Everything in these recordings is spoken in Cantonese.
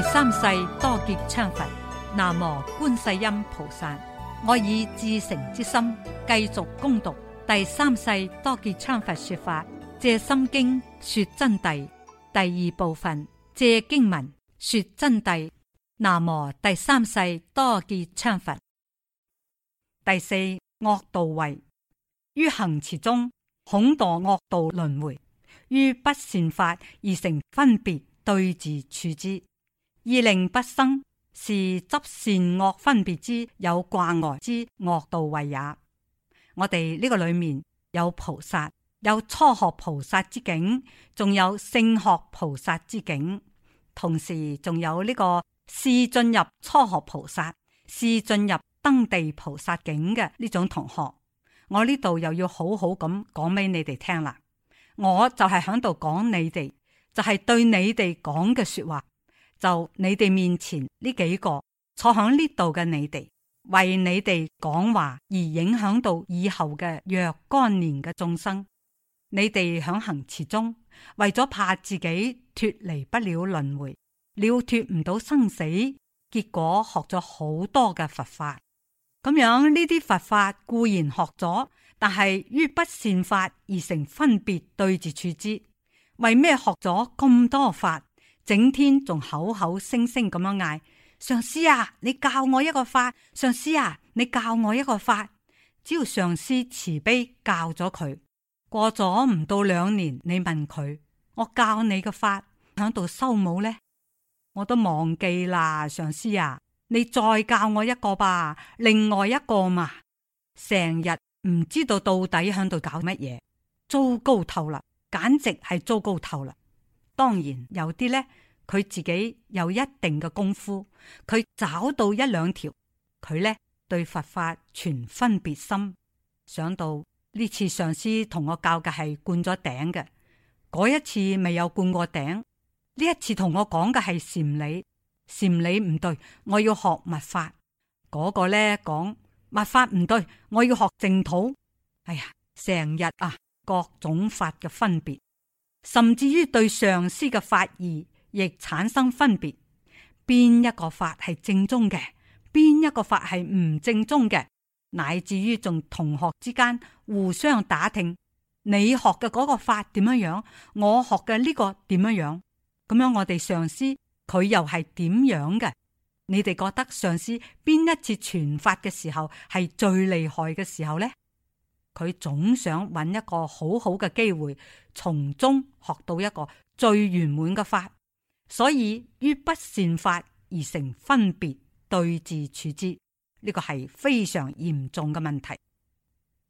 .第三世多杰羌佛，南無觀世音菩薩。我以至誠之心繼續攻讀《第三世多杰羌佛》說法，《借心經》說真諦第二部分，《借經文》說真諦。南無第三世多杰羌佛。第四惡道位於行持中，恐墮惡道輪回，於不善法而成分別對治處之。二令不生，是執善惡分別之有掛礙之惡道為也。我哋呢個裏面有菩薩，有初學菩薩之境，仲有聖學菩薩之境，同時仲有呢、這個試進入初學菩薩，試進入登地菩薩境嘅呢種同學。我呢度又要好好咁講俾你哋聽啦。我就係喺度講你哋，就係、是、對你哋講嘅說話。就你哋面前呢幾個坐喺呢度嘅你哋，為你哋講話而影響到以後嘅若干年嘅眾生。你哋響行持中，為咗怕自己脫離不了輪迴，了脫唔到生死，結果學咗好多嘅佛法。咁樣呢啲佛法固然學咗，但係於不善法而成分別對治處之。為咩學咗咁多法？整天仲口口聲聲咁樣嗌，上師啊，你教我一個法，上師啊，你教我一個法。只要上師慈悲教咗佢，過咗唔到兩年，你問佢，我教你嘅法響度修冇呢？我都忘記啦。上師啊，你再教我一個吧，另外一個嘛，成日唔知道到底響度搞乜嘢，糟糕透啦，簡直係糟糕透啦。當然有啲呢，佢自己有一定嘅功夫，佢找到一兩條，佢呢對佛法全分別心，想到呢次上師同我教嘅係灌咗頂嘅，嗰一次未有灌過頂，呢一次同我講嘅係禪理，禪理唔對，我要學密法。嗰、那個呢講密法唔對，我要學淨土。哎呀，成日啊，各種法嘅分別。甚至於對上師嘅法義亦產生分別，邊一個法係正宗嘅？邊一個法係唔正宗嘅？乃至於仲同學之間互相打聽，你學嘅嗰個法點樣樣？我學嘅呢個點樣樣？咁樣我哋上師佢又係點樣嘅？你哋覺得上師邊一次傳法嘅時候係最厲害嘅時候呢？」佢總想揾一個好好嘅機會，從中學到一個最圓滿嘅法，所以於不善法而成分別對治處之，呢個係非常嚴重嘅問題。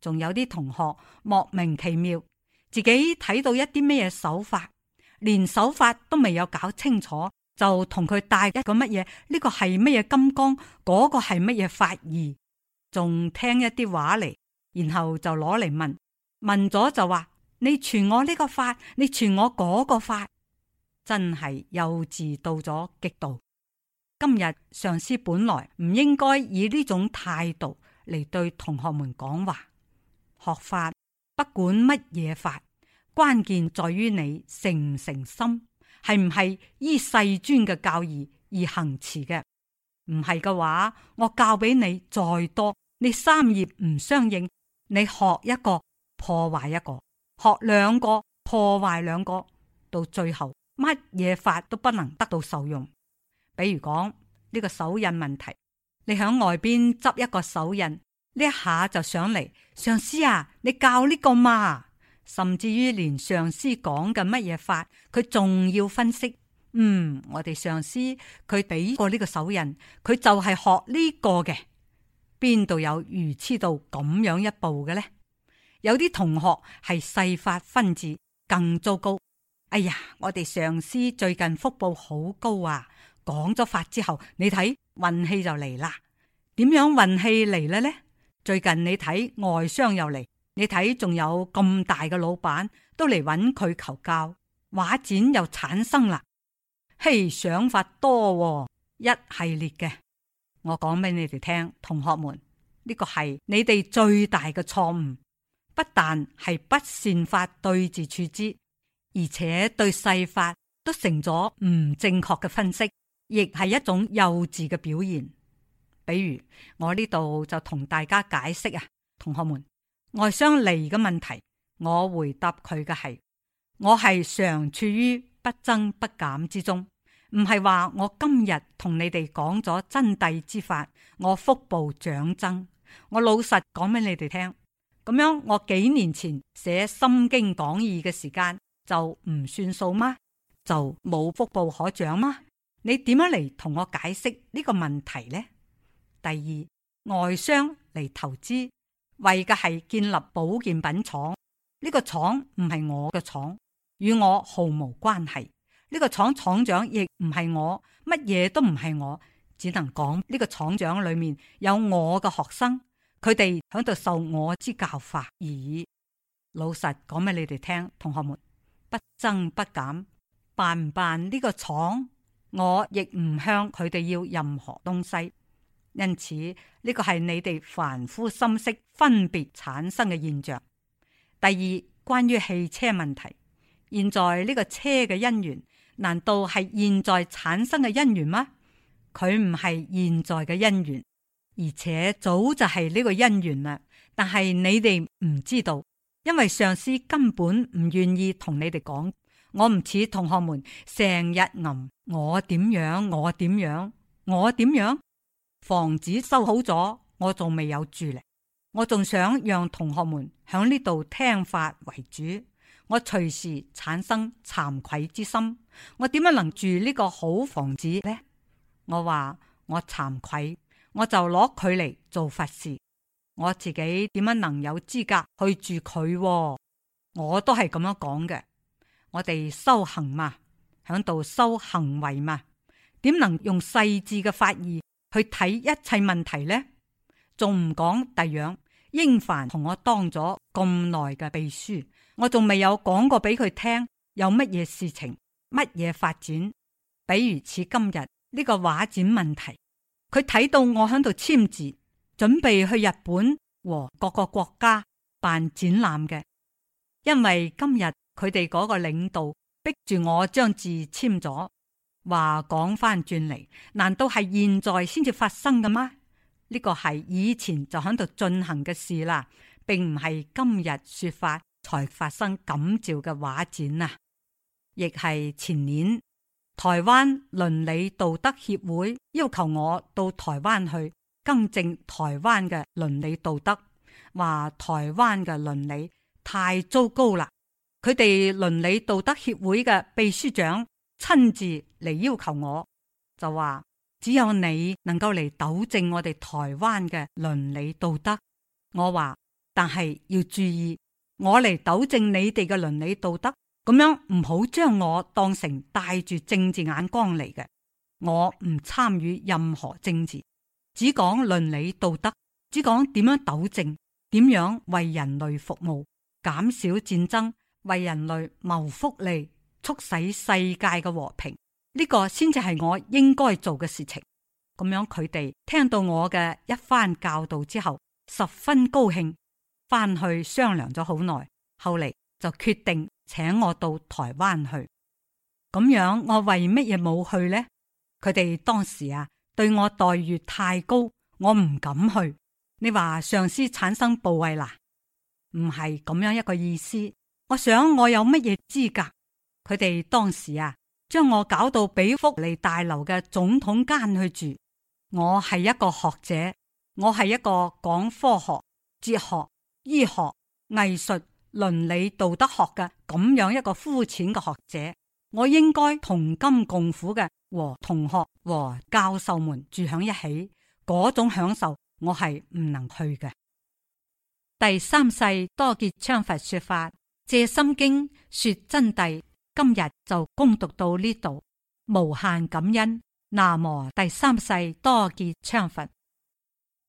仲有啲同學莫名其妙，自己睇到一啲咩嘢手法，連手法都未有搞清楚，就同佢帶一個乜嘢？呢個係乜嘢金剛？嗰個係乜嘢法義？仲聽一啲話嚟？然後就攞嚟問，問咗就話，你傳我呢個法，你傳我嗰個法，真係幼稚到咗極度。今日上司本來唔應該以呢種態度嚟對同學們講話。學法不管乜嘢法，關鍵在於你誠唔誠心，係唔係依世尊嘅教義而行持嘅？唔係嘅話，我教俾你再多，你三業唔相應。你學一個破壞一個，學兩個破壞兩個，到最後乜嘢法都不能得到受用。比如講呢個手印問題，你響外邊執一個手印，呢一下就上嚟上司啊，你教呢個嘛？甚至於連上司講嘅乜嘢法，佢仲要分析。嗯，我哋上司佢俾過呢個手印，佢就係學呢個嘅。邊度有如痴到咁樣一步嘅呢？有啲同學係細法分字更糟糕。哎呀，我哋上司最近福報好高啊！講咗法之後，你睇運氣就嚟啦。點樣運氣嚟啦呢？最近你睇外商又嚟，你睇仲有咁大嘅老闆都嚟揾佢求教，畫展又產生啦。嘿，想法多，哦，一系列嘅。我講俾你哋聽，同學們，呢、這個係你哋最大嘅錯誤，不但係不善法對治處之，而且對細法都成咗唔正確嘅分析，亦係一種幼稚嘅表現。比如我呢度就同大家解釋啊，同學們，外相離嘅問題，我回答佢嘅係，我係常處於不增不減之中。唔係話我今日同你哋講咗真諦之法，我福報長增。我老實講俾你哋聽，咁樣我幾年前寫《心經講義》嘅時間就唔算數嗎？就冇福報可長嗎？你點樣嚟同我解釋呢個問題呢？第二，外商嚟投資，為嘅係建立保健品廠，呢個廠唔係我嘅廠，與我毫無關係。呢個廠廠長亦唔係我，乜嘢都唔係我，只能講呢個廠長裏面有我嘅學生，佢哋喺度受我之教法而已。老實講俾你哋聽，同學們不增不減，辦唔辦呢個廠，我亦唔向佢哋要任何東西。因此呢個係你哋凡夫心識分別產生嘅現象。第二，關於汽車問題，現在呢個車嘅因緣。難道係現在產生嘅因緣嗎？佢唔係現在嘅因緣，而且早就係呢個因緣啦。但係你哋唔知道，因為上司根本唔願意同你哋講。我唔似同學們成日吟：「我點樣，我點樣，我點樣。房子修好咗，我仲未有住嚟，我仲想讓同學們響呢度聽法為主。我隨時產生慚愧之心，我點樣能住呢個好房子呢？我話我慚愧，我就攞佢嚟做法事，我自己點樣能有資格去住佢？我都係咁樣講嘅。我哋修行嘛，響度修行為嘛，點能用細緻嘅法義去睇一切問題呢？仲唔講第樣？英凡同我當咗咁耐嘅秘書，我仲未有講過俾佢聽有乜嘢事情、乜嘢發展。比如似今日呢個畫展問題，佢睇到我喺度簽字，準備去日本和各個國家辦展覽嘅。因為今日佢哋嗰個領導逼住我將字簽咗，話講翻轉嚟，難道係現在先至發生嘅嗎？呢個係以前就喺度進行嘅事啦，並唔係今日說法才發生感召嘅畫展啊！亦係前年台灣倫理道德協會要求我到台灣去更正台灣嘅倫理道德，話台灣嘅倫理太糟糕啦。佢哋倫理道德協會嘅秘書長親自嚟，要求我，就話。只有你能夠嚟糾正我哋台灣嘅倫理道德。我話，但係要注意，我嚟糾正你哋嘅倫理道德，咁樣唔好將我當成帶住政治眼光嚟嘅。我唔參與任何政治，只講倫理道德，只講點樣糾正，點樣為人類服務，減少戰爭，為人類謀福利，促使世界嘅和平。呢個先至係我應該做嘅事情。咁樣佢哋聽到我嘅一番教導之後，十分高興，返去商量咗好耐。後嚟就決定請我到台灣去。咁樣我為乜嘢冇去呢？佢哋當時啊，對我待遇太高，我唔敢去。你話上司產生部位啦，唔係咁樣一個意思。我想我有乜嘢資格？佢哋當時啊。將我搞到俾福利大樓嘅總統間去住。我係一個學者，我係一個講科學、哲學、醫學、藝術、倫理、道德學嘅咁樣一個膚淺嘅學者。我應該同甘共苦嘅，和同學和教授們住響一起，嗰種享受我係唔能去嘅。第三世多杰羌佛說法《藉心經》說真諦。今日就恭讀到呢度，無限感恩。南無第三世多杰羌佛。